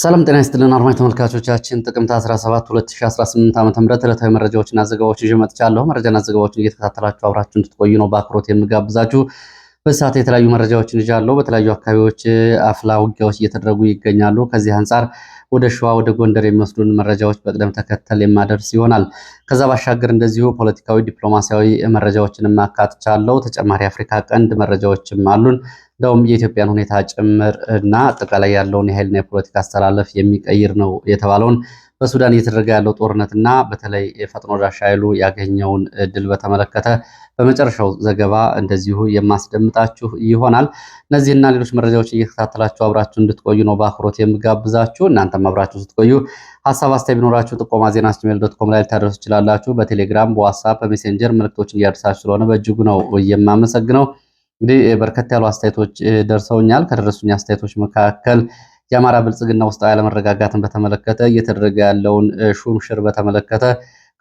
ሰላም ጤና ይስጥልን አድማጭ ተመልካቾቻችን፣ ጥቅምት 17 2018 ዓ.ም ዕለታዊ መረጃዎችና ዘገባዎች ይዤ መጥቻለሁ። መረጃና ዘገባዎችን እየተከታተላችሁ አብራችሁ እንድትቆዩ ነው በአክብሮት የምጋብዛችሁ። በሰዓት የተለያዩ መረጃዎችን ይዣለሁ። በተለያዩ አካባቢዎች አፍላ ውጊያዎች እየተደረጉ ይገኛሉ። ከዚህ አንጻር ወደ ሸዋ ወደ ጎንደር የሚወስዱን መረጃዎች በቅደም ተከተል የማደርስ ይሆናል። ከዛ ባሻገር እንደዚሁ ፖለቲካዊ፣ ዲፕሎማሲያዊ መረጃዎችንም አካትቻለሁ። ተጨማሪ አፍሪካ ቀንድ መረጃዎችም አሉን። እንደውም የኢትዮጵያን ሁኔታ ጭምር እና አጠቃላይ ያለውን የኃይልና የፖለቲካ አስተላለፍ የሚቀይር ነው የተባለውን በሱዳን እየተደረገ ያለው ጦርነትና በተለይ የፈጥኖ ደራሽ ኃይሉ ያገኘውን ድል በተመለከተ በመጨረሻው ዘገባ እንደዚሁ የማስደምጣችሁ ይሆናል። እነዚህና ሌሎች መረጃዎች እየተከታተላችሁ አብራችሁ እንድትቆዩ ነው በአክብሮት የምጋብዛችሁ። እናንተም አብራችሁ ስትቆዩ ሀሳብ አስተያየት ቢኖራችሁ ጥቆማ ዜና ጂሜል ዶት ኮም ላይ ልታደርሱ ትችላላችሁ። በቴሌግራም በዋትሳፕ በሜሴንጀር መልእክቶችን እያደርሳችሁ ስለሆነ በእጅጉ ነው የማመሰግነው። እንግዲህ በርከት ያሉ አስተያየቶች ደርሰውኛል። ከደረሱኝ አስተያየቶች መካከል የአማራ ብልጽግና ውስጣዊ አለመረጋጋትን በተመለከተ እየተደረገ ያለውን ሹም ሽር በተመለከተ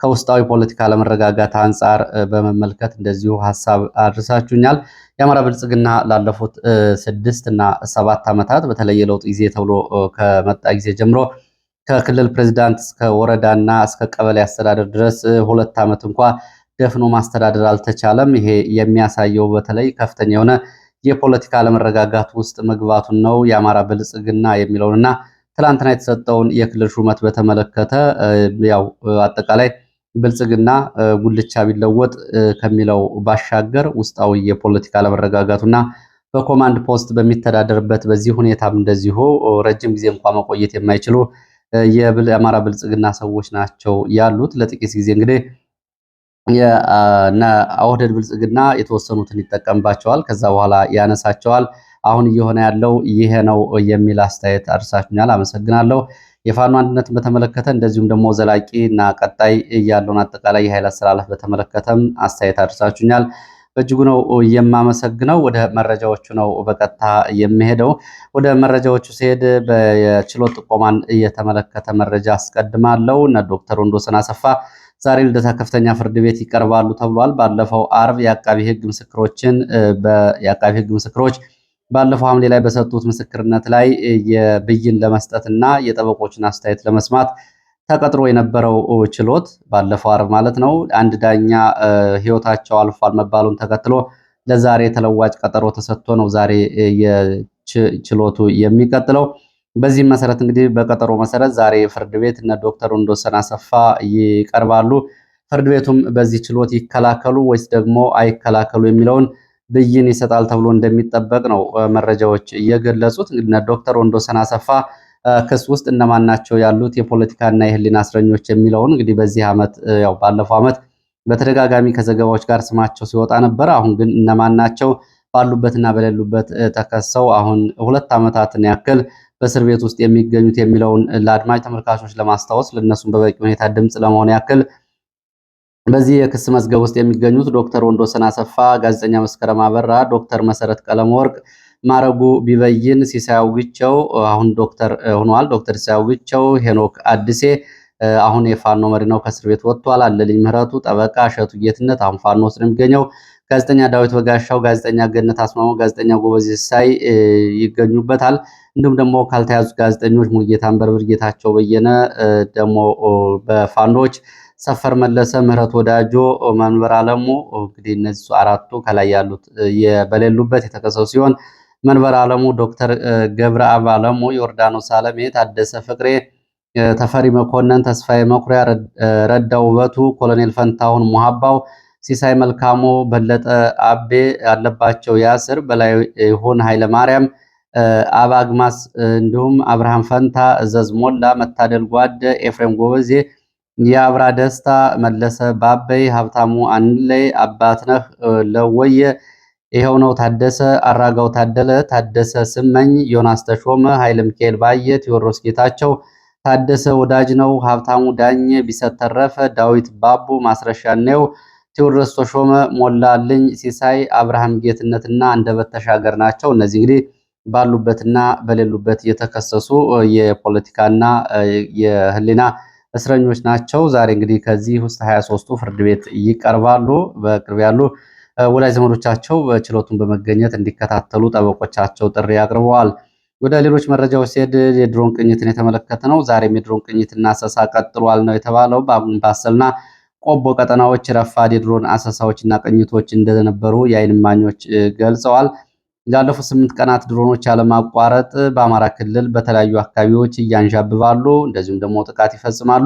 ከውስጣዊ ፖለቲካ አለመረጋጋት አንጻር በመመልከት እንደዚሁ ሀሳብ አድርሳችሁኛል። የአማራ ብልጽግና ላለፉት ስድስት እና ሰባት ዓመታት በተለይ የለውጥ ጊዜ ተብሎ ከመጣ ጊዜ ጀምሮ ከክልል ፕሬዚዳንት እስከ ወረዳና እስከ ቀበሌ አስተዳደር ድረስ ሁለት ዓመት እንኳ ደፍኖ ማስተዳደር አልተቻለም። ይሄ የሚያሳየው በተለይ ከፍተኛ የሆነ የፖለቲካ አለመረጋጋት ውስጥ መግባቱን ነው የአማራ ብልጽግና የሚለውንና ትላንትና የተሰጠውን የክልል ሹመት በተመለከተ ያው አጠቃላይ ብልጽግና ጉልቻ ቢለወጥ ከሚለው ባሻገር ውስጣዊ የፖለቲካ አለመረጋጋቱና በኮማንድ ፖስት በሚተዳደርበት በዚህ ሁኔታም እንደዚሁ ረጅም ጊዜ እንኳ መቆየት የማይችሉ የአማራ ብልጽግና ሰዎች ናቸው ያሉት። ለጥቂት ጊዜ እንግዲህ የአውህደድ ብልጽግና የተወሰኑትን ይጠቀምባቸዋል። ከዛ በኋላ ያነሳቸዋል። አሁን እየሆነ ያለው ይሄ ነው የሚል አስተያየት አድርሳችኛል። አመሰግናለሁ። የፋኖ አንድነትን በተመለከተ እንደዚሁም ደግሞ ዘላቂ እና ቀጣይ ያለውን አጠቃላይ የኃይል አስተላለፍ በተመለከተም አስተያየት አድርሳችኛል። በእጅጉ ነው የማመሰግነው። ወደ መረጃዎቹ ነው በቀጥታ የሚሄደው። ወደ መረጃዎቹ ሲሄድ በችሎት ጥቆማን እየተመለከተ መረጃ አስቀድማለሁ። እነ ዶክተር ወንዶሰን አሰፋ ዛሬ ልደታ ከፍተኛ ፍርድ ቤት ይቀርባሉ ተብሏል። ባለፈው አርብ የአቃቢ ህግ ምስክሮችን የአቃቢ ህግ ምስክሮች ባለፈው ሐምሌ ላይ በሰጡት ምስክርነት ላይ የብይን ለመስጠትና የጠበቆችን አስተያየት ለመስማት ተቀጥሮ የነበረው ችሎት ባለፈው አርብ ማለት ነው አንድ ዳኛ ህይወታቸው አልፏል መባሉን ተከትሎ ለዛሬ ተለዋጭ ቀጠሮ ተሰጥቶ ነው ዛሬ ችሎቱ የሚቀጥለው። በዚህም መሰረት እንግዲህ በቀጠሮ መሰረት ዛሬ ፍርድ ቤት እነ ዶክተር ወንዶሰን አሰፋ ይቀርባሉ። ፍርድ ቤቱም በዚህ ችሎት ይከላከሉ ወይስ ደግሞ አይከላከሉ የሚለውን ብይን ይሰጣል ተብሎ እንደሚጠበቅ ነው መረጃዎች እየገለጹት። እነ ዶክተር ወንዶሰን አሰፋ ክስ ውስጥ እነማን ናቸው ያሉት የፖለቲካና የህሊና እስረኞች የሚለውን እንግዲህ በዚህ ዓመት ያው ባለፈው ዓመት በተደጋጋሚ ከዘገባዎች ጋር ስማቸው ሲወጣ ነበር። አሁን ግን እነማን ናቸው ባሉበትና በሌሉበት ተከሰው አሁን ሁለት ዓመታትን ያክል በእስር ቤት ውስጥ የሚገኙት የሚለውን ለአድማጭ ተመልካቾች ለማስታወስ ለእነሱም በበቂ ሁኔታ ድምፅ ለመሆን ያክል በዚህ የክስ መዝገብ ውስጥ የሚገኙት ዶክተር ወንዶሰን አሰፋ፣ ጋዜጠኛ መስከረም አበራ፣ ዶክተር መሰረት ቀለመወርቅ፣ ማረጉ ቢበይን፣ ሲሳያው ግቸው አሁን ዶክተር ሆኗል። ዶክተር ሲሳያው ግቸው፣ ሄኖክ አዲሴ አሁን የፋኖ መሪ ነው፣ ከእስር ቤት ወጥቷል። አለልኝ ምህረቱ፣ ጠበቃ እሸቱ ጌትነት አሁን ፋኖ ውስጥ ነው የሚገኘው። ጋዜጠኛ ዳዊት በጋሻው፣ ጋዜጠኛ ገነት አስማሞ፣ ጋዜጠኛ ጎበዝ ሳይ ይገኙበታል። እንዲሁም ደግሞ ካልተያዙ ጋዜጠኞች ሙጌታን በርብር፣ ጌታቸው በየነ፣ ደግሞ በፋኖች ሰፈር መለሰ፣ ምህረት ወዳጆ፣ መንበር አለሙ እንግዲህ እነዚህ አራቱ ከላይ ያሉት በሌሉበት የተከሰሱ ሲሆን መንበር አለሙ፣ ዶክተር ገብረአብ አለሙ፣ ዮርዳኖስ አለሜ፣ ታደሰ ፍቅሬ ተፈሪ መኮንን፣ ተስፋዬ መኩሪያ፣ ረዳው ውበቱ፣ ኮሎኔል ፈንታሁን ሙሀባው፣ ሲሳይ መልካሙ፣ በለጠ አቤ፣ አለባቸው ያስር፣ በላይ ይሁን ኃይለማርያም፣ አባ እንዲሁም አብርሃም ፈንታ፣ እዘዝ ሞላ፣ መታደል ጓደ፣ ኤፍሬም ጎበዜ፣ የአብራ ደስታ፣ መለሰ ባበይ፣ ሀብታሙ አንለይ፣ አባትነህ ለወየ፣ ይኸው ነው ታደሰ፣ አራጋው ታደለ፣ ታደሰ ስመኝ፣ ዮናስ ተሾመ፣ ኃይለ ሚካኤል ባየ፣ ቴዎድሮስ ጌታቸው ታደሰ ወዳጅ ነው፣ ሀብታሙ ዳኘ፣ ቢሰት ተረፈ፣ ዳዊት ባቡ፣ ማስረሻ ነው ቴዎድሮስ ተሾመ፣ ሞላልኝ ሲሳይ፣ አብርሃም ጌትነትና አንደበት ተሻገር ናቸው። እነዚህ እንግዲህ ባሉበትና በሌሉበት የተከሰሱ የፖለቲካና የህሊና እስረኞች ናቸው። ዛሬ እንግዲህ ከዚህ ውስጥ 23 ፍርድ ቤት ይቀርባሉ። በቅርብ ያሉ ወላጅ ዘመዶቻቸው ችሎቱን በመገኘት እንዲከታተሉ ጠበቆቻቸው ጥሪ አቅርበዋል። ወደ ሌሎች መረጃዎች ሲሄድ የድሮን ቅኝትን የተመለከተ ነው። ዛሬም የድሮን ቅኝትና ሰሳ ቀጥሏል ነው የተባለው ባሰልና ቆቦ ቀጠናዎች ረፋድ የድሮን አሰሳዎችና ቅኝቶች እንደነበሩ የዓይን እማኞች ገልጸዋል። ላለፉት ስምንት ቀናት ድሮኖች ያለማቋረጥ በአማራ ክልል በተለያዩ አካባቢዎች እያንዣብባሉ እንደዚሁም ደግሞ ጥቃት ይፈጽማሉ።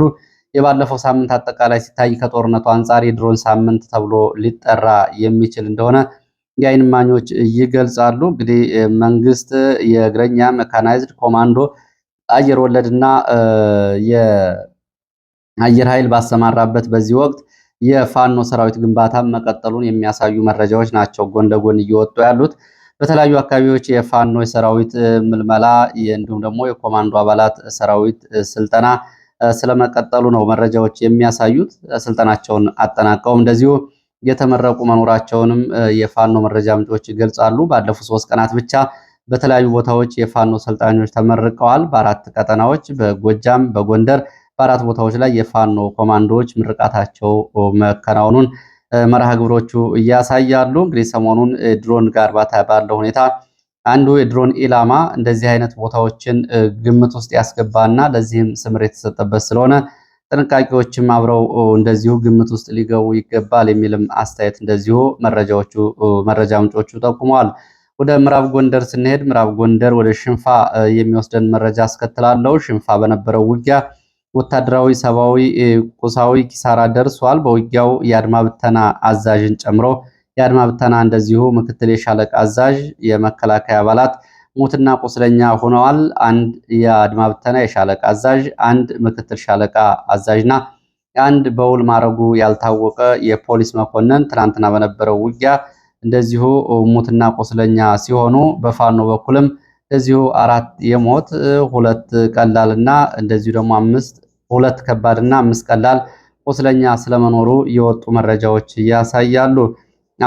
የባለፈው ሳምንት አጠቃላይ ሲታይ ከጦርነቱ አንጻር የድሮን ሳምንት ተብሎ ሊጠራ የሚችል እንደሆነ የዓይን እማኞች ይገልጻሉ። እንግዲህ መንግስት የእግረኛ ሜካናይዝድ ኮማንዶ አየር ወለድና አየር ኃይል ባሰማራበት በዚህ ወቅት የፋኖ ሰራዊት ግንባታ መቀጠሉን የሚያሳዩ መረጃዎች ናቸው ጎን ለጎን እየወጡ ያሉት። በተለያዩ አካባቢዎች የፋኖ የሰራዊት ምልመላ እንዲሁም ደግሞ የኮማንዶ አባላት ሰራዊት ስልጠና ስለመቀጠሉ ነው መረጃዎች የሚያሳዩት። ስልጠናቸውን አጠናቀው እንደዚሁ የተመረቁ መኖራቸውንም የፋኖ መረጃ ምንጮች ይገልጻሉ። ባለፉት ሶስት ቀናት ብቻ በተለያዩ ቦታዎች የፋኖ ሰልጣኞች ተመርቀዋል። በአራት ቀጠናዎች በጎጃም፣ በጎንደር በአራት ቦታዎች ላይ የፋኖ ኮማንዶዎች ምርቃታቸው መከናወኑን መርሃ ግብሮቹ እያሳያሉ። እንግዲህ ሰሞኑን ድሮን ጋር ባለው ሁኔታ አንዱ የድሮን ኢላማ እንደዚህ አይነት ቦታዎችን ግምት ውስጥ ያስገባና ለዚህም ስምር የተሰጠበት ስለሆነ ጥንቃቄዎችም አብረው እንደዚሁ ግምት ውስጥ ሊገቡ ይገባል የሚልም አስተያየት እንደዚሁ መረጃዎቹ መረጃ ምንጮቹ ጠቁመዋል። ወደ ምዕራብ ጎንደር ስንሄድ ምዕራብ ጎንደር ወደ ሽንፋ የሚወስደን መረጃ አስከትላለሁ። ሽንፋ በነበረው ውጊያ ወታደራዊ፣ ሰብአዊ፣ ቁሳዊ ኪሳራ ደርሷል። በውጊያው የአድማ ብተና አዛዥን ጨምሮ የአድማ ብተና እንደዚሁ ምክትል የሻለቃ አዛዥ፣ የመከላከያ አባላት ሞትና ቁስለኛ ሆነዋል። አንድ የአድማ ብተና የሻለቃ አዛዥ፣ አንድ ምክትል ሻለቃ አዛዥና አንድ በውል ማረጉ ያልታወቀ የፖሊስ መኮንን ትናንትና በነበረው ውጊያ እንደዚሁ ሞትና ቁስለኛ ሲሆኑ በፋኖ በኩልም እንደዚሁ አራት የሞት ሁለት ቀላልና እንደዚሁ ደግሞ አምስት ሁለት ከባድና አምስት ቀላል ቁስለኛ ስለመኖሩ የወጡ መረጃዎች ያሳያሉ።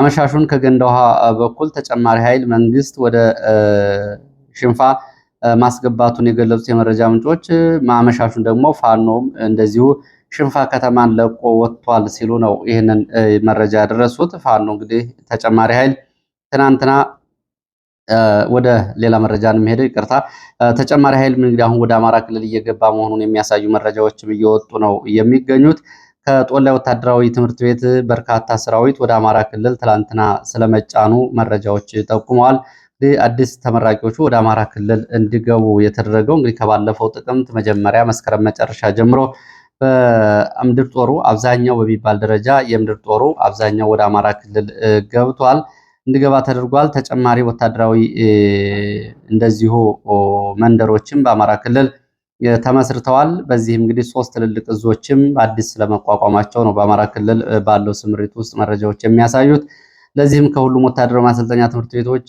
አመሻሹን ከገንዳ ውሃ በኩል ተጨማሪ ኃይል መንግስት ወደ ሽንፋ ማስገባቱን የገለጹት የመረጃ ምንጮች አመሻሹን ደግሞ ፋኖም እንደዚሁ ሽንፋ ከተማን ለቆ ወጥቷል ሲሉ ነው ይህንን መረጃ ያደረሱት። ፋኖ እንግዲህ ተጨማሪ ኃይል ትናንትና ወደ ሌላ መረጃ እንሄደው። ይቅርታ ተጨማሪ ኃይል እንግዲህ አሁን ወደ አማራ ክልል እየገባ መሆኑን የሚያሳዩ መረጃዎችም እየወጡ ነው የሚገኙት። ከጦላይ ወታደራዊ ትምህርት ቤት በርካታ ሰራዊት ወደ አማራ ክልል ትላንትና ስለመጫኑ መረጃዎች ጠቁመዋል። አዲስ ተመራቂዎቹ ወደ አማራ ክልል እንዲገቡ የተደረገው እንግዲህ ከባለፈው ጥቅምት መጀመሪያ፣ መስከረም መጨረሻ ጀምሮ በምድር ጦሩ አብዛኛው በሚባል ደረጃ የምድር ጦሩ አብዛኛው ወደ አማራ ክልል ገብቷል። እንዲገባ ተደርጓል። ተጨማሪ ወታደራዊ እንደዚሁ መንደሮችም በአማራ ክልል ተመስርተዋል። በዚህም እንግዲህ ሶስት ትልልቅ እዞችም አዲስ ስለመቋቋማቸው ነው በአማራ ክልል ባለው ስምሪት ውስጥ መረጃዎች የሚያሳዩት። ለዚህም ከሁሉም ወታደራዊ ማሰልጠኛ ትምህርት ቤቶች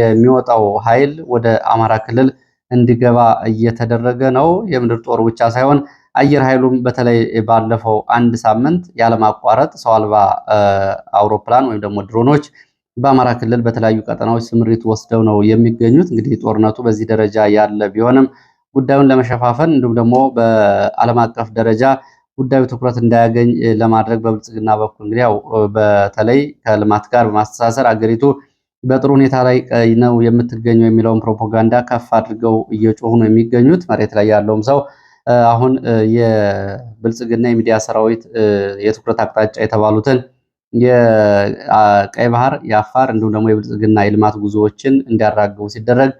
የሚወጣው ኃይል ወደ አማራ ክልል እንዲገባ እየተደረገ ነው። የምድር ጦር ብቻ ሳይሆን አየር ኃይሉም በተለይ ባለፈው አንድ ሳምንት ያለማቋረጥ ሰው አልባ አውሮፕላን ወይም ደግሞ ድሮኖች በአማራ ክልል በተለያዩ ቀጠናዎች ስምሪት ወስደው ነው የሚገኙት። እንግዲህ ጦርነቱ በዚህ ደረጃ ያለ ቢሆንም ጉዳዩን ለመሸፋፈን እንዲሁም ደግሞ በዓለም አቀፍ ደረጃ ጉዳዩ ትኩረት እንዳያገኝ ለማድረግ በብልጽግና በኩል እንግዲህ ያው በተለይ ከልማት ጋር በማስተሳሰር አገሪቱ በጥሩ ሁኔታ ላይ ነው የምትገኘው የሚለውን ፕሮፓጋንዳ ከፍ አድርገው እየጮሁ ነው የሚገኙት። መሬት ላይ ያለውም ሰው አሁን የብልጽግና የሚዲያ ሰራዊት የትኩረት አቅጣጫ የተባሉትን የቀይ ባህር የአፋር እንዲሁም ደግሞ የብልጽግና የልማት ጉዞዎችን እንዲያራግቡ ሲደረግ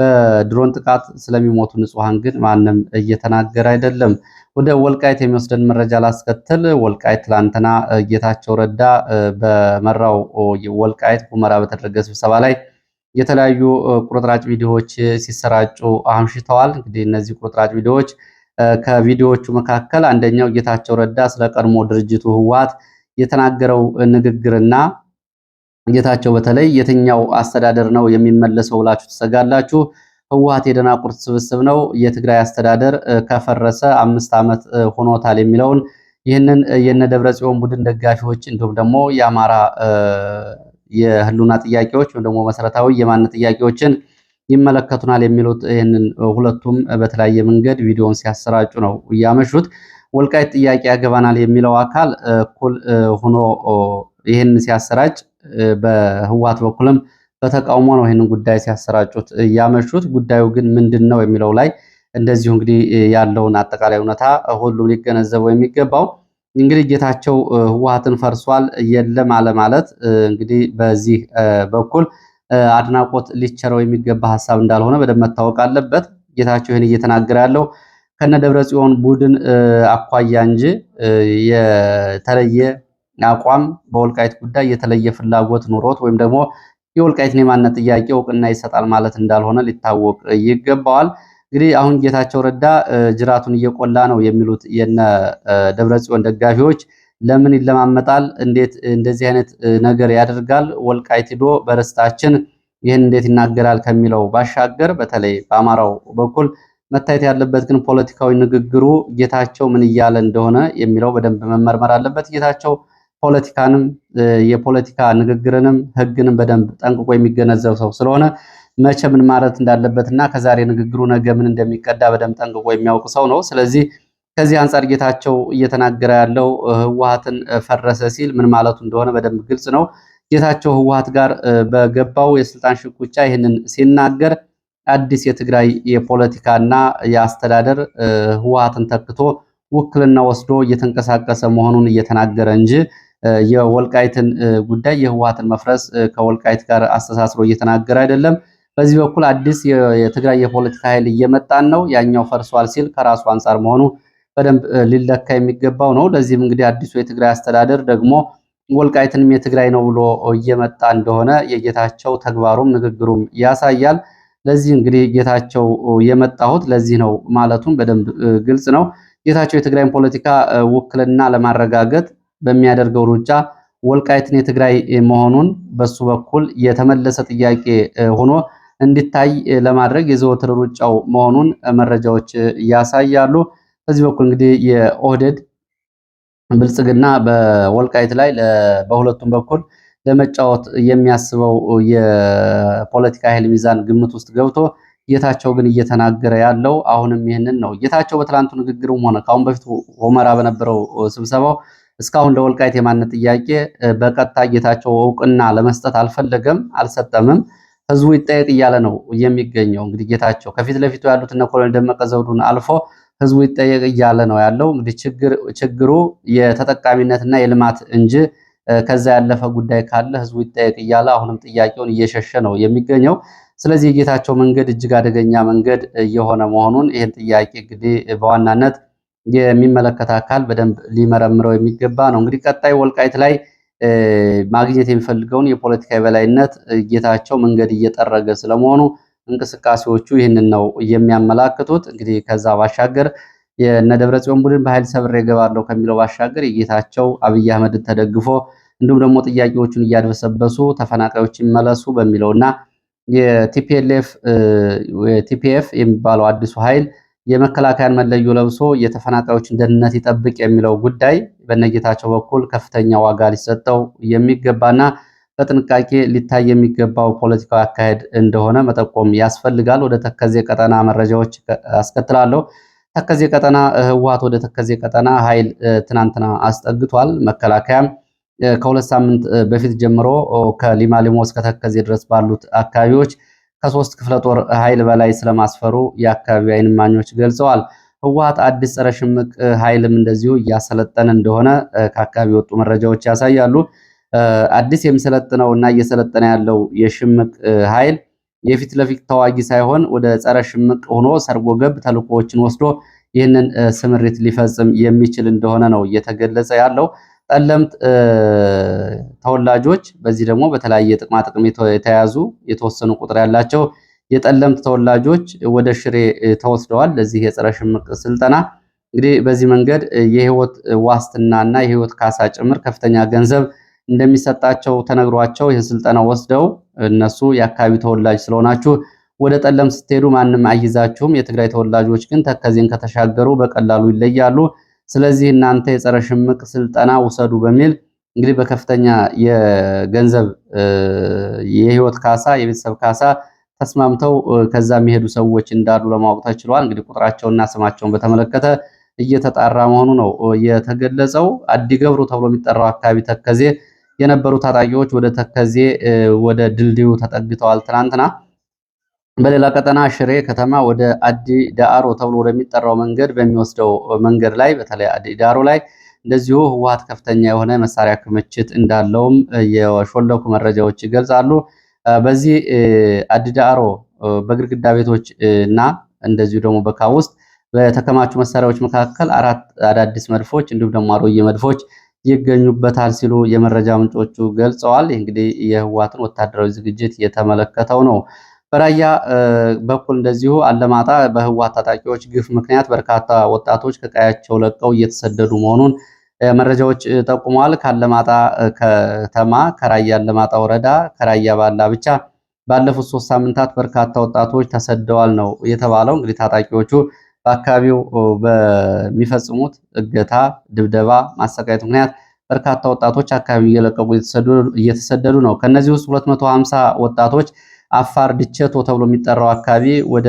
በድሮን ጥቃት ስለሚሞቱ ንጹሐን ግን ማንም እየተናገረ አይደለም። ወደ ወልቃይት የሚወስደን መረጃ ላስከትል። ወልቃይት ትላንትና ጌታቸው ረዳ በመራው ወልቃይት ሁመራ በተደረገ ስብሰባ ላይ የተለያዩ ቁርጥራጭ ቪዲዮዎች ሲሰራጩ አምሽተዋል። እንግዲህ እነዚህ ቁርጥራጭ ቪዲዮዎች ከቪዲዮዎቹ መካከል አንደኛው ጌታቸው ረዳ ስለ ቀድሞ ድርጅቱ ህወሓት የተናገረው ንግግርና ጌታቸው በተለይ የትኛው አስተዳደር ነው የሚመለሰው ብላችሁ ትሰጋላችሁ? ህወሓት የደናቁርት ስብስብ ነው፣ የትግራይ አስተዳደር ከፈረሰ አምስት ዓመት ሆኖታል የሚለውን ይህንን የነ ደብረጽዮን ቡድን ደጋፊዎች እንዲሁም ደግሞ የአማራ የህሉና ጥያቄዎች ወይም ደግሞ መሰረታዊ የማንነት ጥያቄዎችን ይመለከቱናል የሚሉት ይህንን ሁለቱም በተለያየ መንገድ ቪዲዮውን ሲያሰራጩ ነው እያመሹት። ወልቃይት ጥያቄ ያገባናል የሚለው አካል እኩል ሆኖ ይህን ሲያሰራጭ በህዋት በኩልም በተቃውሞ ነው ይህንን ጉዳይ ሲያሰራጩት ያመሹት። ጉዳዩ ግን ምንድን ነው የሚለው ላይ እንደዚሁ እንግዲህ ያለውን አጠቃላይ እውነታ ሁሉም ሊገነዘበው የሚገባው እንግዲህ ጌታቸው ህወሀትን ፈርሷል የለም አለማለት እንግዲህ በዚህ በኩል አድናቆት ሊቸረው የሚገባ ሀሳብ እንዳልሆነ በደንብ መታወቅ አለበት። ጌታቸው ይህን እየተናገረ ያለው ደብረ ጽዮን ቡድን አኳያ እንጂ የተለየ አቋም በወልቃይት ጉዳይ የተለየ ፍላጎት ኑሮት ወይም ደግሞ የወልቃይትን የማንነት ጥያቄ እውቅና ይሰጣል ማለት እንዳልሆነ ሊታወቅ ይገባዋል። እንግዲህ አሁን ጌታቸው ረዳ ጅራቱን እየቆላ ነው የሚሉት የነ ደብረ ጽዮን ደጋፊዎች ለምን ይለማመጣል? እንዴት እንደዚህ አይነት ነገር ያደርጋል? ወልቃይት ሂዶ በርስታችን ይህን እንዴት ይናገራል? ከሚለው ባሻገር በተለይ በአማራው በኩል መታየት ያለበት ግን ፖለቲካዊ ንግግሩ ጌታቸው ምን እያለ እንደሆነ የሚለው በደንብ መመርመር አለበት። ጌታቸው ፖለቲካንም የፖለቲካ ንግግርንም ሕግንም በደንብ ጠንቅቆ የሚገነዘብ ሰው ስለሆነ መቼ ምን ማለት እንዳለበት እና ከዛሬ ንግግሩ ነገ ምን እንደሚቀዳ በደንብ ጠንቅቆ የሚያውቅ ሰው ነው። ስለዚህ ከዚህ አንጻር ጌታቸው እየተናገረ ያለው ህወሀትን ፈረሰ ሲል ምን ማለቱ እንደሆነ በደንብ ግልጽ ነው። ጌታቸው ህወሀት ጋር በገባው የስልጣን ሽኩቻ ይህንን ሲናገር አዲስ የትግራይ የፖለቲካና የአስተዳደር ህወሓትን ተክቶ ውክልና ወስዶ እየተንቀሳቀሰ መሆኑን እየተናገረ እንጂ የወልቃይትን ጉዳይ የህወሓትን መፍረስ ከወልቃይት ጋር አስተሳስሮ እየተናገረ አይደለም። በዚህ በኩል አዲስ የትግራይ የፖለቲካ ኃይል እየመጣን ነው፣ ያኛው ፈርሷል ሲል ከራሱ አንጻር መሆኑ በደንብ ሊለካ የሚገባው ነው። ለዚህም እንግዲህ አዲሱ የትግራይ አስተዳደር ደግሞ ወልቃይትንም የትግራይ ነው ብሎ እየመጣ እንደሆነ የጌታቸው ተግባሩም ንግግሩም ያሳያል። ለዚህ እንግዲህ ጌታቸው የመጣሁት ለዚህ ነው ማለቱም በደንብ ግልጽ ነው። ጌታቸው የትግራይን ፖለቲካ ውክልና ለማረጋገጥ በሚያደርገው ሩጫ ወልቃይትን የትግራይ መሆኑን በሱ በኩል የተመለሰ ጥያቄ ሆኖ እንዲታይ ለማድረግ የዘወትር ሩጫው መሆኑን መረጃዎች ያሳያሉ። በዚህ በኩል እንግዲህ የኦህደድ ብልጽግና በወልቃይት ላይ በሁለቱም በኩል ለመጫወት የሚያስበው የፖለቲካ ኃይል ሚዛን ግምት ውስጥ ገብቶ ጌታቸው ግን እየተናገረ ያለው አሁንም ይህንን ነው። ጌታቸው በትላንቱ ንግግሩም ሆነ ከአሁን በፊት ሆመራ በነበረው ስብሰባው እስካሁን ለወልቃይት የማንነት ጥያቄ በቀጥታ ጌታቸው እውቅና ለመስጠት አልፈለገም፣ አልሰጠምም። ህዝቡ ይጠየቅ እያለ ነው የሚገኘው። እንግዲህ ጌታቸው ከፊት ለፊቱ ያሉት እነ ኮሎኔል ደመቀ ዘውዱን አልፎ ህዝቡ ይጠየቅ እያለ ነው ያለው። እንግዲህ ችግሩ የተጠቃሚነትና የልማት እንጂ ከዛ ያለፈ ጉዳይ ካለ ህዝቡ ይጠየቅ እያለ አሁንም ጥያቄውን እየሸሸ ነው የሚገኘው። ስለዚህ የጌታቸው መንገድ እጅግ አደገኛ መንገድ እየሆነ መሆኑን ይህን ጥያቄ እንግዲህ በዋናነት የሚመለከት አካል በደንብ ሊመረምረው የሚገባ ነው። እንግዲህ ቀጣይ ወልቃይት ላይ ማግኘት የሚፈልገውን የፖለቲካ የበላይነት ጌታቸው መንገድ እየጠረገ ስለመሆኑ እንቅስቃሴዎቹ ይህንን ነው የሚያመላክቱት። እንግዲህ ከዛ ባሻገር ጽዮን ቡድን በኃይል ሰብሬ እገባለሁ ከሚለው ባሻገር የጌታቸው አብይ አህመድ ተደግፎ እንዲሁም ደግሞ ጥያቄዎቹን እያድበሰበሱ ተፈናቃዮች ይመለሱ በሚለውና የቲፒኤፍ የሚባለው አዲሱ ኃይል የመከላከያን መለዮ ለብሶ የተፈናቃዮችን ደህንነት ይጠብቅ የሚለው ጉዳይ በነጌታቸው በኩል ከፍተኛ ዋጋ ሊሰጠው የሚገባና በጥንቃቄ ሊታይ የሚገባው ፖለቲካዊ አካሄድ እንደሆነ መጠቆም ያስፈልጋል። ወደ ተከዜ ቀጠና መረጃዎች አስከትላለሁ። ተከዜ ቀጠና ህወሓት ወደ ተከዜ ቀጠና ኃይል ትናንትና አስጠግቷል። መከላከያም ከሁለት ሳምንት በፊት ጀምሮ ከሊማሊሞ እስከ ተከዜ ድረስ ባሉት አካባቢዎች ከሶስት ክፍለ ጦር ኃይል በላይ ስለማስፈሩ የአካባቢው ዓይን እማኞች ገልጸዋል። ህወሓት አዲስ ጸረ ሽምቅ ኃይልም እንደዚሁ እያሰለጠነ እንደሆነ ከአካባቢ የወጡ መረጃዎች ያሳያሉ። አዲስ የሚሰለጥነው እና እየሰለጠነ ያለው የሽምቅ ኃይል የፊት ለፊት ተዋጊ ሳይሆን ወደ ጸረ ሽምቅ ሆኖ ሰርጎ ገብ ተልእኮዎችን ወስዶ ይህንን ስምሪት ሊፈጽም የሚችል እንደሆነ ነው እየተገለጸ ያለው። ጠለምት ተወላጆች በዚህ ደግሞ በተለያየ ጥቅማ ጥቅም የተያዙ የተወሰኑ ቁጥር ያላቸው የጠለምት ተወላጆች ወደ ሽሬ ተወስደዋል። ለዚህ የጸረ ሽምቅ ስልጠና እንግዲህ በዚህ መንገድ የህይወት ዋስትናና የህይወት ካሳ ጭምር ከፍተኛ ገንዘብ እንደሚሰጣቸው ተነግሯቸው ይህን ስልጠና ወስደው እነሱ የአካባቢው ተወላጅ ስለሆናችሁ ወደ ጠለም ስትሄዱ ማንም አይዛችሁም። የትግራይ ተወላጆች ግን ተከዜን ከተሻገሩ በቀላሉ ይለያሉ። ስለዚህ እናንተ የጸረ ሽምቅ ስልጠና ውሰዱ በሚል እንግዲህ በከፍተኛ የገንዘብ የህይወት ካሳ፣ የቤተሰብ ካሳ ተስማምተው ከዛ የሚሄዱ ሰዎች እንዳሉ ለማወቅ ተችሏል። እንግዲህ ቁጥራቸውና ስማቸውን በተመለከተ እየተጣራ መሆኑ ነው የተገለጸው። አዲገብሩ ተብሎ የሚጠራው አካባቢ ተከዜ የነበሩ ታጣቂዎች ወደ ተከዜ ወደ ድልድዩ ተጠግተዋል። ትናንትና በሌላ ቀጠና ሽሬ ከተማ ወደ አዲ ዳአሮ ተብሎ ወደሚጠራው መንገድ በሚወስደው መንገድ ላይ በተለይ አዲ ዳአሮ ላይ እንደዚሁ ህወሓት ከፍተኛ የሆነ መሳሪያ ክምችት እንዳለውም የሾለኩ መረጃዎች ይገልጻሉ። በዚህ አዲ ዳአሮ በግድግዳ ቤቶች እና እንደዚሁ ደግሞ በካ ውስጥ በተከማቹ መሳሪያዎች መካከል አራት አዳዲስ መድፎች እንዲሁም ደግሞ አሮጌ መድፎች ይገኙበታል ሲሉ የመረጃ ምንጮቹ ገልጸዋል። ይህ እንግዲህ የህወሓትን ወታደራዊ ዝግጅት የተመለከተው ነው። በራያ በኩል እንደዚሁ አለማጣ በህወሓት ታጣቂዎች ግፍ ምክንያት በርካታ ወጣቶች ከቀያቸው ለቀው እየተሰደዱ መሆኑን መረጃዎች ጠቁመዋል። ከአለማጣ ከተማ ከራያ አለማጣ ወረዳ ከራያ ባላ ብቻ ባለፉት ሶስት ሳምንታት በርካታ ወጣቶች ተሰደዋል ነው የተባለው። እንግዲህ ታጣቂዎቹ በአካባቢው በሚፈጽሙት እገታ፣ ድብደባ፣ ማሰቃየት ምክንያት በርካታ ወጣቶች አካባቢ እየለቀቁ እየተሰደዱ ነው። ከነዚህ ውስጥ 250 ወጣቶች አፋር ድቸቶ ተብሎ የሚጠራው አካባቢ ወደ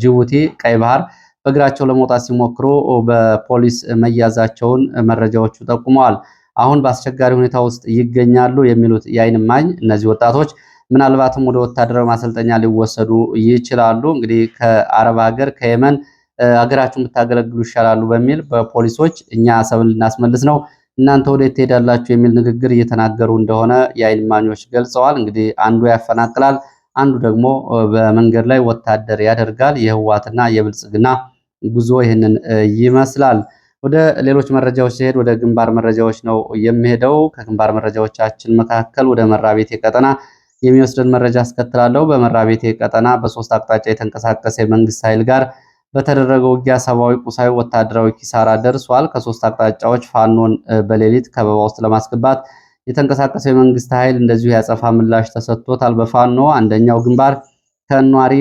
ጅቡቲ ቀይ ባህር በእግራቸው ለመውጣት ሲሞክሩ በፖሊስ መያዛቸውን መረጃዎቹ ጠቁመዋል። አሁን በአስቸጋሪ ሁኔታ ውስጥ ይገኛሉ የሚሉት የአይን እማኝ እነዚህ ወጣቶች ምናልባትም ወደ ወታደራዊ ማሰልጠኛ ሊወሰዱ ይችላሉ። እንግዲህ ከአረብ ሀገር ከየመን አገራችሁን ብታገለግሉ ይሻላሉ በሚል በፖሊሶች እኛ አሰብን ልናስመልስ ነው እናንተ ወደ ትሄዳላችሁ የሚል ንግግር እየተናገሩ እንደሆነ የአይን እማኞች ገልጸዋል። እንግዲህ አንዱ ያፈናቅላል፣ አንዱ ደግሞ በመንገድ ላይ ወታደር ያደርጋል። የህዋትና የብልጽግና ጉዞ ይህንን ይመስላል። ወደ ሌሎች መረጃዎች ሲሄድ ወደ ግንባር መረጃዎች ነው የሚሄደው። ከግንባር መረጃዎቻችን መካከል ወደ መራቤቴ ቀጠና የሚወስደን መረጃ አስከትላለሁ። በመራቤቴ ቀጠና በሶስት አቅጣጫ የተንቀሳቀሰ የመንግስት ኃይል ጋር በተደረገው ውጊያ ሰብአዊ፣ ቁሳዊ፣ ወታደራዊ ኪሳራ ደርሷል። ከሶስት አቅጣጫዎች ፋኖን በሌሊት ከበባ ውስጥ ለማስገባት የተንቀሳቀሰው የመንግስት ኃይል እንደዚሁ ያጸፋ ምላሽ ተሰጥቶታል። በፋኖ አንደኛው ግንባር ከኗሪ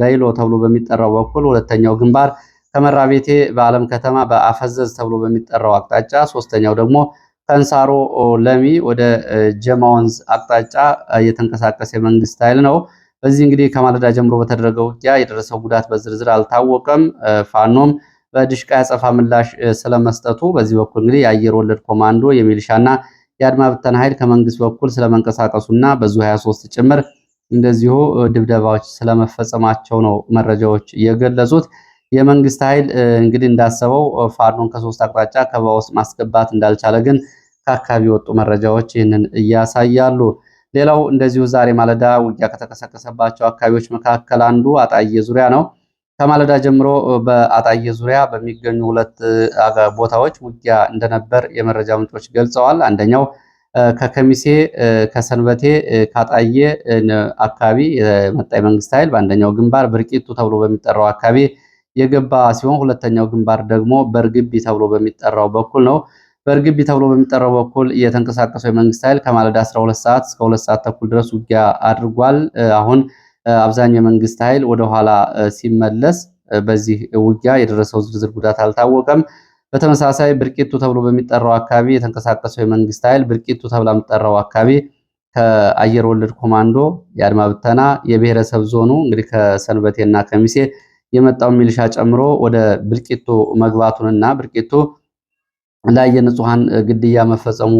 በይሎ ተብሎ በሚጠራው በኩል፣ ሁለተኛው ግንባር ከመራቤቴ በአለም ከተማ በአፈዘዝ ተብሎ በሚጠራው አቅጣጫ፣ ሶስተኛው ደግሞ ከእንሳሮ ለሚ ወደ ጀማ ወንዝ አቅጣጫ የተንቀሳቀሰ የመንግስት ኃይል ነው። በዚህ እንግዲህ ከማለዳ ጀምሮ በተደረገ ውጊያ የደረሰው ጉዳት በዝርዝር አልታወቀም። ፋኖም በድሽቃ ያጸፋ ምላሽ ስለመስጠቱ በዚህ በኩል እንግዲህ የአየር ወለድ ኮማንዶ የሚሊሻና የአድማ ብተን ኃይል ከመንግስት በኩል ስለመንቀሳቀሱና በዙ 23 ጭምር እንደዚሁ ድብደባዎች ስለመፈጸማቸው ነው መረጃዎች የገለጹት። የመንግስት ኃይል እንግዲህ እንዳሰበው ፋኖን ከሶስት አቅጣጫ ከበባ ውስጥ ማስገባት እንዳልቻለ ግን ከአካባቢ የወጡ መረጃዎች ይህንን እያሳያሉ። ሌላው እንደዚሁ ዛሬ ማለዳ ውጊያ ከተቀሰቀሰባቸው አካባቢዎች መካከል አንዱ አጣዬ ዙሪያ ነው። ከማለዳ ጀምሮ በአጣዬ ዙሪያ በሚገኙ ሁለት ቦታዎች ውጊያ እንደነበር የመረጃ ምንጮች ገልጸዋል። አንደኛው ከከሚሴ ከሰንበቴ ከአጣዬ አካባቢ የመጣ የመንግስት ኃይል በአንደኛው ግንባር ብርቂቱ ተብሎ በሚጠራው አካባቢ የገባ ሲሆን ሁለተኛው ግንባር ደግሞ በርግቢ ተብሎ በሚጠራው በኩል ነው። በእርግቢ ተብሎ በሚጠራው በኩል የተንቀሳቀሰው የመንግስት ኃይል ከማለዳ 12 ሰዓት እስከ 2 ሰዓት ተኩል ድረስ ውጊያ አድርጓል። አሁን አብዛኛው የመንግስት ኃይል ወደኋላ ሲመለስ በዚህ ውጊያ የደረሰው ዝርዝር ጉዳት አልታወቀም። በተመሳሳይ ብርቂቱ ተብሎ በሚጠራው አካባቢ የተንቀሳቀሰው የመንግስት ኃይል ብርቂቱ ተብላ የሚጠራው አካባቢ ከአየር ወለድ ኮማንዶ፣ የአድማ ብተና፣ የብሔረሰብ ዞኑ እንግዲህ ከሰንበቴና ከሚሴ የመጣውን ሚሊሻ ጨምሮ ወደ ብርቂቱ መግባቱንና ብርቂቱ ላይ የንጹሐን ግድያ መፈጸሙ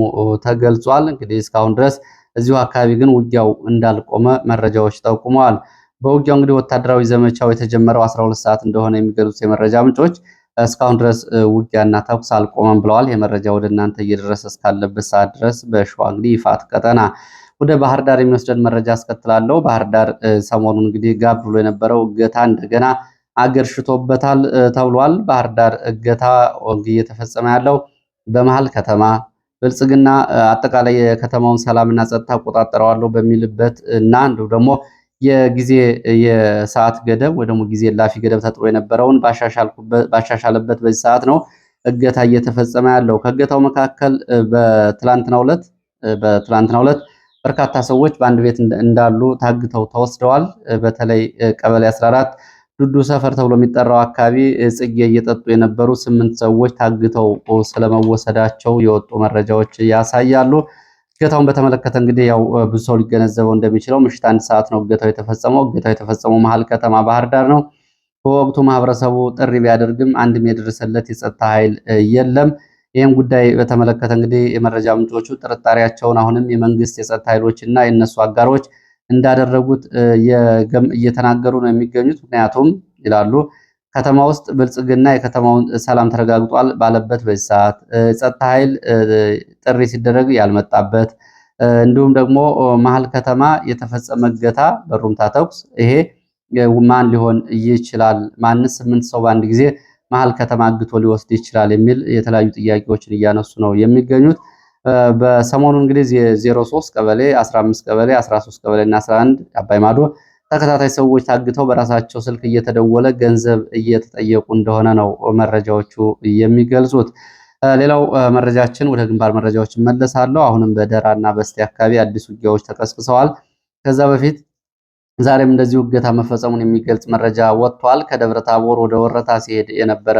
ተገልጿል። እንግዲህ እስካሁን ድረስ እዚሁ አካባቢ ግን ውጊያው እንዳልቆመ መረጃዎች ጠቁመዋል። በውጊያው እንግዲህ ወታደራዊ ዘመቻው የተጀመረው 12 ሰዓት እንደሆነ የሚገልጹት የመረጃ ምንጮች እስካሁን ድረስ ውጊያና ተኩስ አልቆመም ብለዋል። የመረጃ ወደ እናንተ እየደረሰ እስካለበት ሰዓት ድረስ በሸዋ እንግዲህ ይፋት ቀጠና ወደ ባህር ዳር የሚወስደን መረጃ አስከትላለሁ። ባህር ዳር ሰሞኑን እንግዲህ ጋብ ብሎ የነበረው እገታ እንደገና አገርሽቶበታል ተብሏል። ባህር ዳር እገታ እየተፈጸመ ያለው በመሀል ከተማ ብልጽግና አጠቃላይ የከተማውን ሰላምና ጸጥታ እቆጣጠረዋለሁ በሚልበት እና እንዲሁ ደግሞ የጊዜ የሰዓት ገደብ ወይ ደግሞ ጊዜ ላፊ ገደብ ተጥሮ የነበረውን ባሻሻለበት በዚህ ሰዓት ነው እገታ እየተፈጸመ ያለው። ከእገታው መካከል በትላንትናው ዕለት በትላንትናው ዕለት በርካታ ሰዎች በአንድ ቤት እንዳሉ ታግተው ተወስደዋል። በተለይ ቀበሌ 14 ዱዱ ሰፈር ተብሎ የሚጠራው አካባቢ ጽጌ እየጠጡ የነበሩ ስምንት ሰዎች ታግተው ስለመወሰዳቸው የወጡ መረጃዎች ያሳያሉ። እገታውን በተመለከተ እንግዲህ ያው ብዙ ሰው ሊገነዘበው እንደሚችለው ምሽት አንድ ሰዓት ነው እገታው የተፈጸመው። እገታው የተፈጸመው መሀል ከተማ ባህር ዳር ነው። በወቅቱ ማህበረሰቡ ጥሪ ቢያደርግም አንድም የደረሰለት የጸጥታ ኃይል የለም። ይህም ጉዳይ በተመለከተ እንግዲህ የመረጃ ምንጮቹ ጥርጣሬያቸውን አሁንም የመንግስት የጸጥታ ኃይሎች እና የእነሱ አጋሮች እንዳደረጉት እየተናገሩ ነው የሚገኙት። ምክንያቱም ይላሉ ከተማ ውስጥ ብልጽግና የከተማውን ሰላም ተረጋግጧል ባለበት በዚህ ሰዓት ጸጥታ ኃይል ጥሪ ሲደረግ ያልመጣበት እንዲሁም ደግሞ መሀል ከተማ የተፈጸመ እገታ፣ በሩምታ ተኩስ ይሄ ማን ሊሆን ይችላል? ማንስ ስምንት ሰው በአንድ ጊዜ መሀል ከተማ አግቶ ሊወስድ ይችላል? የሚል የተለያዩ ጥያቄዎችን እያነሱ ነው የሚገኙት። በሰሞኑ እንግዲህ የ03 ቀበሌ 15 ቀበሌ 13 ቀበሌ እና 11 አባይ ማዶ ተከታታይ ሰዎች ታግተው በራሳቸው ስልክ እየተደወለ ገንዘብ እየተጠየቁ እንደሆነ ነው መረጃዎቹ የሚገልጹት። ሌላው መረጃችን ወደ ግንባር መረጃዎች መለሳለሁ። አሁንም በደራ እና በስቴ አካባቢ አዲስ ውጊያዎች ተቀስቅሰዋል። ከዛ በፊት ዛሬም እንደዚህ ውገታ መፈጸሙን የሚገልጽ መረጃ ወጥቷል። ከደብረ ታቦር ወደ ወረታ ሲሄድ የነበረ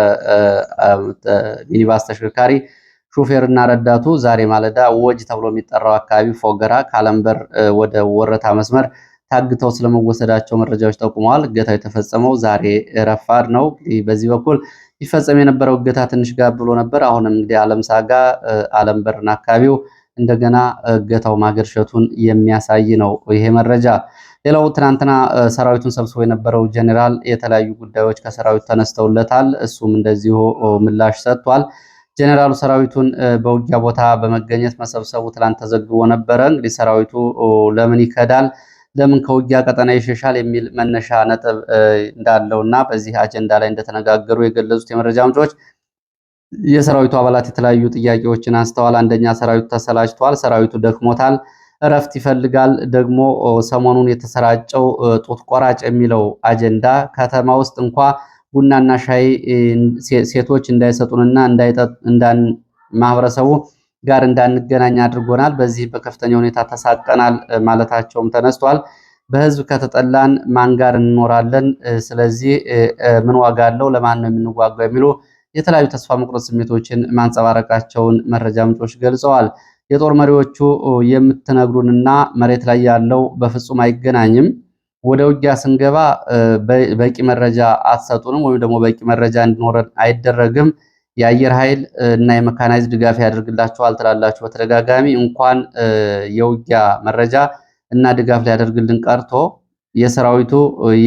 ሚኒባስ ተሽከርካሪ ሹፌርና ረዳቱ ዛሬ ማለዳ ወጅ ተብሎ የሚጠራው አካባቢ ፎገራ ካለምበር ወደ ወረታ መስመር ታግተው ስለመወሰዳቸው መረጃዎች ጠቁመዋል። እገታው የተፈጸመው ዛሬ ረፋድ ነው። እንግዲህ በዚህ በኩል ይፈጸም የነበረው እገታ ትንሽ ጋር ብሎ ነበር። አሁንም እንግዲህ አለም ሳጋ አለምበርና አካባቢው እንደገና እገታው ማገርሸቱን የሚያሳይ ነው ይሄ መረጃ። ሌላው ትናንትና ሰራዊቱን ሰብስቦ የነበረው ጀኔራል የተለያዩ ጉዳዮች ከሰራዊቱ ተነስተውለታል። እሱም እንደዚሁ ምላሽ ሰጥቷል። ጄኔራሉ ሰራዊቱን በውጊያ ቦታ በመገኘት መሰብሰቡ ትላንት ተዘግቦ ነበረ። እንግዲህ ሰራዊቱ ለምን ይከዳል፣ ለምን ከውጊያ ቀጠና ይሸሻል የሚል መነሻ ነጥብ እንዳለው እና በዚህ አጀንዳ ላይ እንደተነጋገሩ የገለጹት የመረጃ ምንጮች የሰራዊቱ አባላት የተለያዩ ጥያቄዎችን አንስተዋል። አንደኛ ሰራዊቱ ተሰላችቷል፣ ሰራዊቱ ደክሞታል፣ እረፍት ይፈልጋል። ደግሞ ሰሞኑን የተሰራጨው ጡት ቆራጭ የሚለው አጀንዳ ከተማ ውስጥ እንኳ ቡናና ሻይ ሴቶች እንዳይሰጡንና ማህበረሰቡ ጋር እንዳንገናኝ አድርጎናል። በዚህ በከፍተኛ ሁኔታ ተሳቀናል ማለታቸውም ተነስቷል። በህዝብ ከተጠላን ማን ጋር እንኖራለን? ስለዚህ ምን ዋጋ አለው? ለማን ነው የምንዋጋው? የሚሉ የተለያዩ ተስፋ መቁረጥ ስሜቶችን ማንጸባረቃቸውን መረጃ ምንጮች ገልጸዋል። የጦር መሪዎቹ የምትነግሩንና መሬት ላይ ያለው በፍጹም አይገናኝም ወደ ውጊያ ስንገባ በቂ መረጃ አትሰጡንም ወይም ደግሞ በቂ መረጃ እንዲኖረን አይደረግም። የአየር ኃይል እና የመካናይዝ ድጋፍ ያደርግላችኋል ትላላችሁ በተደጋጋሚ እንኳን የውጊያ መረጃ እና ድጋፍ ሊያደርግልን ቀርቶ የሰራዊቱ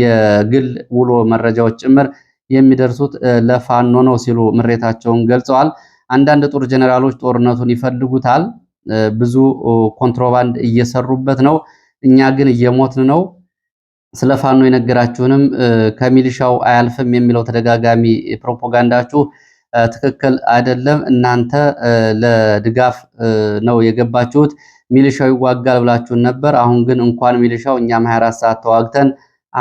የግል ውሎ መረጃዎች ጭምር የሚደርሱት ለፋኖ ነው ሲሉ ምሬታቸውን ገልጸዋል። አንዳንድ ጦር ጀኔራሎች ጦርነቱን ይፈልጉታል፣ ብዙ ኮንትሮባንድ እየሰሩበት ነው፣ እኛ ግን እየሞትን ነው ስለ ፋኖ የነገራችሁንም ከሚሊሻው አያልፍም የሚለው ተደጋጋሚ ፕሮፓጋንዳችሁ ትክክል አይደለም። እናንተ ለድጋፍ ነው የገባችሁት። ሚሊሻው ይዋጋል ብላችሁን ነበር። አሁን ግን እንኳን ሚሊሻው እኛም 24 ሰዓት ተዋግተን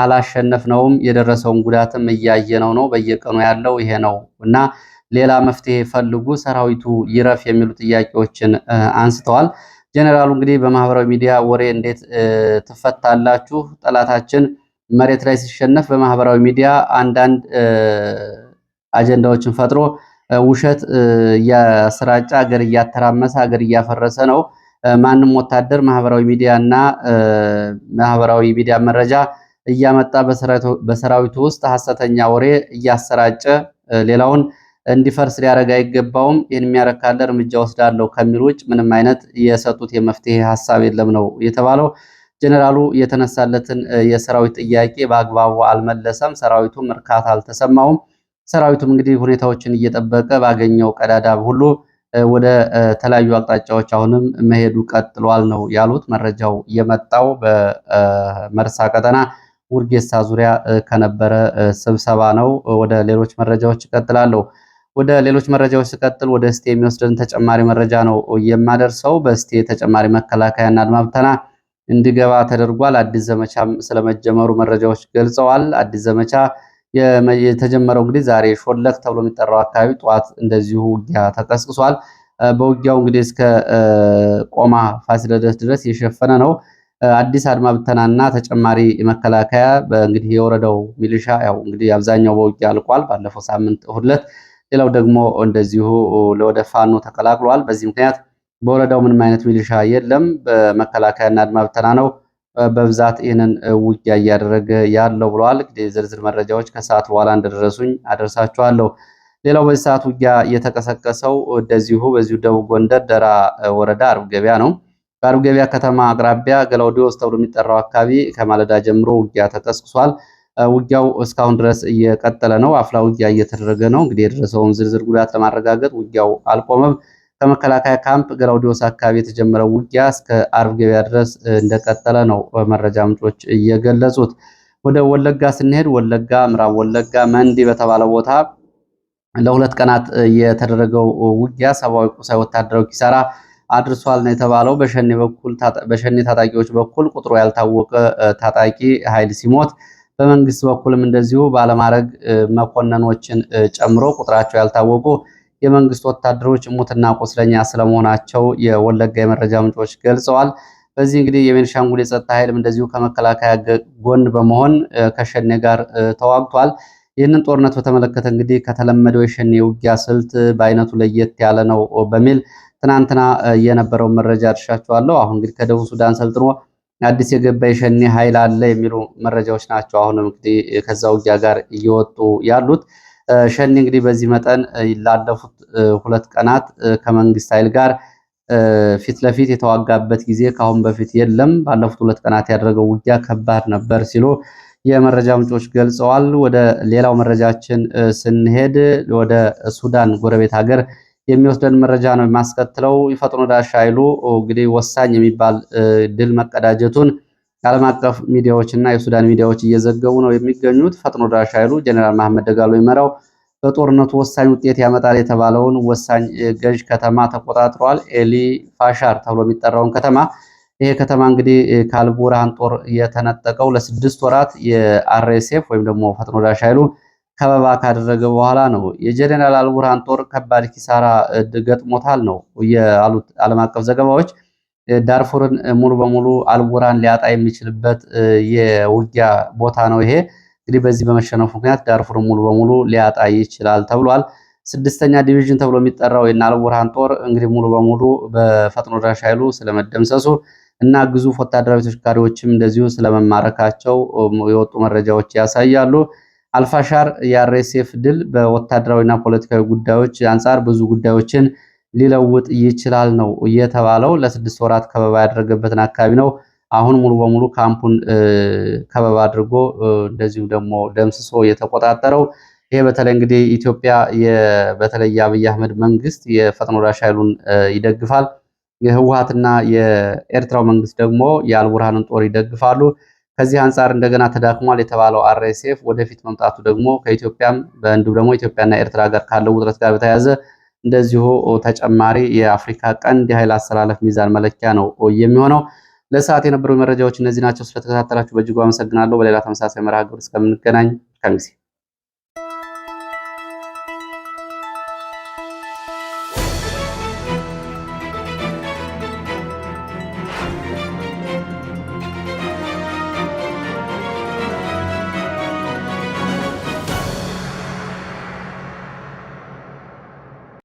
አላሸነፍነውም። የደረሰውን ጉዳትም እያየነው ነው። በየቀኑ ያለው ይሄ ነው እና ሌላ መፍትሄ ፈልጉ፣ ሰራዊቱ ይረፍ የሚሉ ጥያቄዎችን አንስተዋል። ጀኔራሉ እንግዲህ በማህበራዊ ሚዲያ ወሬ እንዴት ትፈታላችሁ? ጠላታችን መሬት ላይ ሲሸነፍ በማህበራዊ ሚዲያ አንዳንድ አጀንዳዎችን ፈጥሮ ውሸት እያሰራጨ ሀገር እያተራመሰ ሀገር እያፈረሰ ነው። ማንም ወታደር ማህበራዊ ሚዲያ እና ማህበራዊ ሚዲያ መረጃ እያመጣ በሰራዊቱ ውስጥ ሀሰተኛ ወሬ እያሰራጨ ሌላውን እንዲፈርስ ሊያደርግ አይገባውም። ይህን የሚያረካለ እርምጃ ወስዳለሁ ከሚል ውጭ ምንም አይነት የሰጡት የመፍትሄ ሀሳብ የለም ነው የተባለው። ጀኔራሉ የተነሳለትን የሰራዊት ጥያቄ በአግባቡ አልመለሰም። ሰራዊቱም እርካታ አልተሰማውም። ሰራዊቱም እንግዲህ ሁኔታዎችን እየጠበቀ ባገኘው ቀዳዳ ሁሉ ወደ ተለያዩ አቅጣጫዎች አሁንም መሄዱ ቀጥሏል ነው ያሉት። መረጃው የመጣው በመርሳ ቀጠና ውርጌሳ ዙሪያ ከነበረ ስብሰባ ነው። ወደ ሌሎች መረጃዎች እቀጥላለሁ። ወደ ሌሎች መረጃዎች ስቀጥል ወደ እስቴ የሚወስደን ተጨማሪ መረጃ ነው የማደርሰው። በእስቴ ተጨማሪ መከላከያና አድማብተና እንዲገባ ተደርጓል። አዲስ ዘመቻ ስለመጀመሩ መረጃዎች ገልጸዋል። አዲስ ዘመቻ የተጀመረው እንግዲህ ዛሬ ሾለክ ተብሎ የሚጠራው አካባቢ ጠዋት እንደዚሁ ውጊያ ተቀስቅሷል። በውጊያው እንግዲህ እስከ ቆማ ፋሲለደስ ድረስ የሸፈነ ነው። አዲስ አድማ ብተናና ተጨማሪ መከላከያ እንግዲህ የወረደው ሚሊሻ ያው እንግዲህ አብዛኛው በውጊያ አልቋል። ባለፈው ሳምንት ሁለት ሌላው ደግሞ እንደዚሁ ለወደ ፋኖ ተቀላቅሏል። በዚህ ምክንያት በወረዳው ምንም አይነት ሚሊሻ የለም፣ በመከላከያና አድማ ብተና ነው በብዛት ይህንን ውጊያ እያደረገ ያለው ብለዋል። ዝርዝር መረጃዎች ከሰዓት በኋላ እንደደረሱኝ አደርሳችኋለሁ። ሌላው በዚህ ሰዓት ውጊያ የተቀሰቀሰው እንደዚሁ በዚሁ ደቡብ ጎንደር ደራ ወረዳ አርብ ገበያ ነው። በአርብ ገበያ ከተማ አቅራቢያ ገላውዲዮስ ተብሎ የሚጠራው አካባቢ ከማለዳ ጀምሮ ውጊያ ተቀስቅሷል። ውጊያው እስካሁን ድረስ እየቀጠለ ነው። አፍላ ውጊያ እየተደረገ ነው። እንግዲህ የደረሰውን ዝርዝር ጉዳት ለማረጋገጥ ውጊያው አልቆመም። ከመከላከያ ካምፕ ገራውዲዮስ አካባቢ የተጀመረው ውጊያ እስከ አርብ ገበያ ድረስ እንደቀጠለ ነው መረጃ ምንጮች እየገለጹት። ወደ ወለጋ ስንሄድ ወለጋ ምዕራብ ወለጋ መንዲ በተባለ ቦታ ለሁለት ቀናት የተደረገው ውጊያ ሰብአዊ፣ ቁሳዊ፣ ወታደራዊ ኪሳራ አድርሷል ነው የተባለው። በሸኔ ታጣቂዎች በኩል ቁጥሩ ያልታወቀ ታጣቂ ኃይል ሲሞት በመንግስት በኩልም እንደዚሁ ባለማድረግ መኮንኖችን ጨምሮ ቁጥራቸው ያልታወቁ የመንግስት ወታደሮች ሙትና ቁስለኛ ስለመሆናቸው የወለጋ የመረጃ ምንጮች ገልጸዋል። በዚህ እንግዲህ የቤንሻንጉል የጸጥታ ኃይልም እንደዚሁ ከመከላከያ ጎን በመሆን ከሸኔ ጋር ተዋግቷል። ይህንን ጦርነት በተመለከተ እንግዲህ ከተለመደው የሸኔ ውጊያ ስልት በአይነቱ ለየት ያለ ነው በሚል ትናንትና የነበረውን መረጃ አድርሻችኋለሁ። አሁን እንግዲህ ከደቡብ ሱዳን ሰልጥኖ አዲስ የገባ የሸኔ ኃይል አለ የሚሉ መረጃዎች ናቸው። አሁንም እንግዲህ ከዛ ውጊያ ጋር እየወጡ ያሉት ሸኔ እንግዲህ በዚህ መጠን ላለፉት ሁለት ቀናት ከመንግስት ኃይል ጋር ፊት ለፊት የተዋጋበት ጊዜ ከአሁን በፊት የለም። ባለፉት ሁለት ቀናት ያደረገው ውጊያ ከባድ ነበር ሲሉ የመረጃ ምንጮች ገልጸዋል። ወደ ሌላው መረጃችን ስንሄድ ወደ ሱዳን ጎረቤት ሀገር የሚወስደን መረጃ ነው የማስከትለው። ይፈጥኖ ዳሽ ኃይሉ እንግዲህ ወሳኝ የሚባል ድል መቀዳጀቱን የዓለም አቀፍ ሚዲያዎች እና የሱዳን ሚዲያዎች እየዘገቡ ነው የሚገኙት። ፈጥኖ ዳሽ ኃይሉ ጀኔራል መሐመድ ደጋሎ ይመራው በጦርነቱ ወሳኝ ውጤት ያመጣል የተባለውን ወሳኝ ገዥ ከተማ ተቆጣጥሯል። ኤሊ ፋሻር ተብሎ የሚጠራውን ከተማ ይሄ ከተማ እንግዲህ ከአልቡርሃን ጦር የተነጠቀው ለስድስት ወራት የአርኤስኤፍ ወይም ደግሞ ፈጥኖ ዳሽ ኃይሉ ከበባ ካደረገ በኋላ ነው። የጀኔራል አልቡርሃን ጦር ከባድ ኪሳራ ገጥሞታል ነው የአሉት ዓለም አቀፍ ዘገባዎች። ዳርፉርን ሙሉ በሙሉ አልቡርሃን ሊያጣ የሚችልበት የውጊያ ቦታ ነው ይሄ እንግዲህ በዚህ በመሸነፉ ምክንያት ዳርፉርን ሙሉ በሙሉ ሊያጣ ይችላል ተብሏል። ስድስተኛ ዲቪዥን ተብሎ የሚጠራው የና አልቡርሃን ጦር እንግዲህ ሙሉ በሙሉ በፈጥኖ ደራሽ ኃይሉ ስለመደምሰሱ እና ግዙፍ ወታደራዊ ተሽከርካሪዎችም እንደዚሁ ስለመማረካቸው የወጡ መረጃዎች ያሳያሉ። አልፋሻር የአርኤስኤፍ ድል በወታደራዊና ፖለቲካዊ ጉዳዮች አንጻር ብዙ ጉዳዮችን ሊለውጥ ይችላል ነው እየተባለው። ለስድስት ወራት ከበባ ያደረገበትን አካባቢ ነው አሁን ሙሉ በሙሉ ካምፑን ከበባ አድርጎ እንደዚሁም ደግሞ ደምስሶ የተቆጣጠረው። ይሄ በተለይ እንግዲህ ኢትዮጵያ በተለይ የአብይ አህመድ መንግስት የፈጥኖ ደራሽ ኃይሉን ይደግፋል። የህወሀትና የኤርትራው መንግስት ደግሞ የአልቡርሃንን ጦር ይደግፋሉ። ከዚህ አንጻር እንደገና ተዳክሟል የተባለው አርኤስኤፍ ወደፊት መምጣቱ ደግሞ ከኢትዮጵያም በእንዲሁም ደግሞ ኢትዮጵያና ኤርትራ ጋር ካለው ውጥረት ጋር በተያያዘ እንደዚሁ ተጨማሪ የአፍሪካ ቀንድ የኃይል አሰላለፍ ሚዛን መለኪያ ነው የሚሆነው። ለሰዓት የነበሩ መረጃዎች እነዚህ ናቸው። ስለተከታተላችሁ በእጅጉ አመሰግናለሁ። በሌላ ተመሳሳይ መርሃ ግብር እስከምንገናኝ ከሚሴ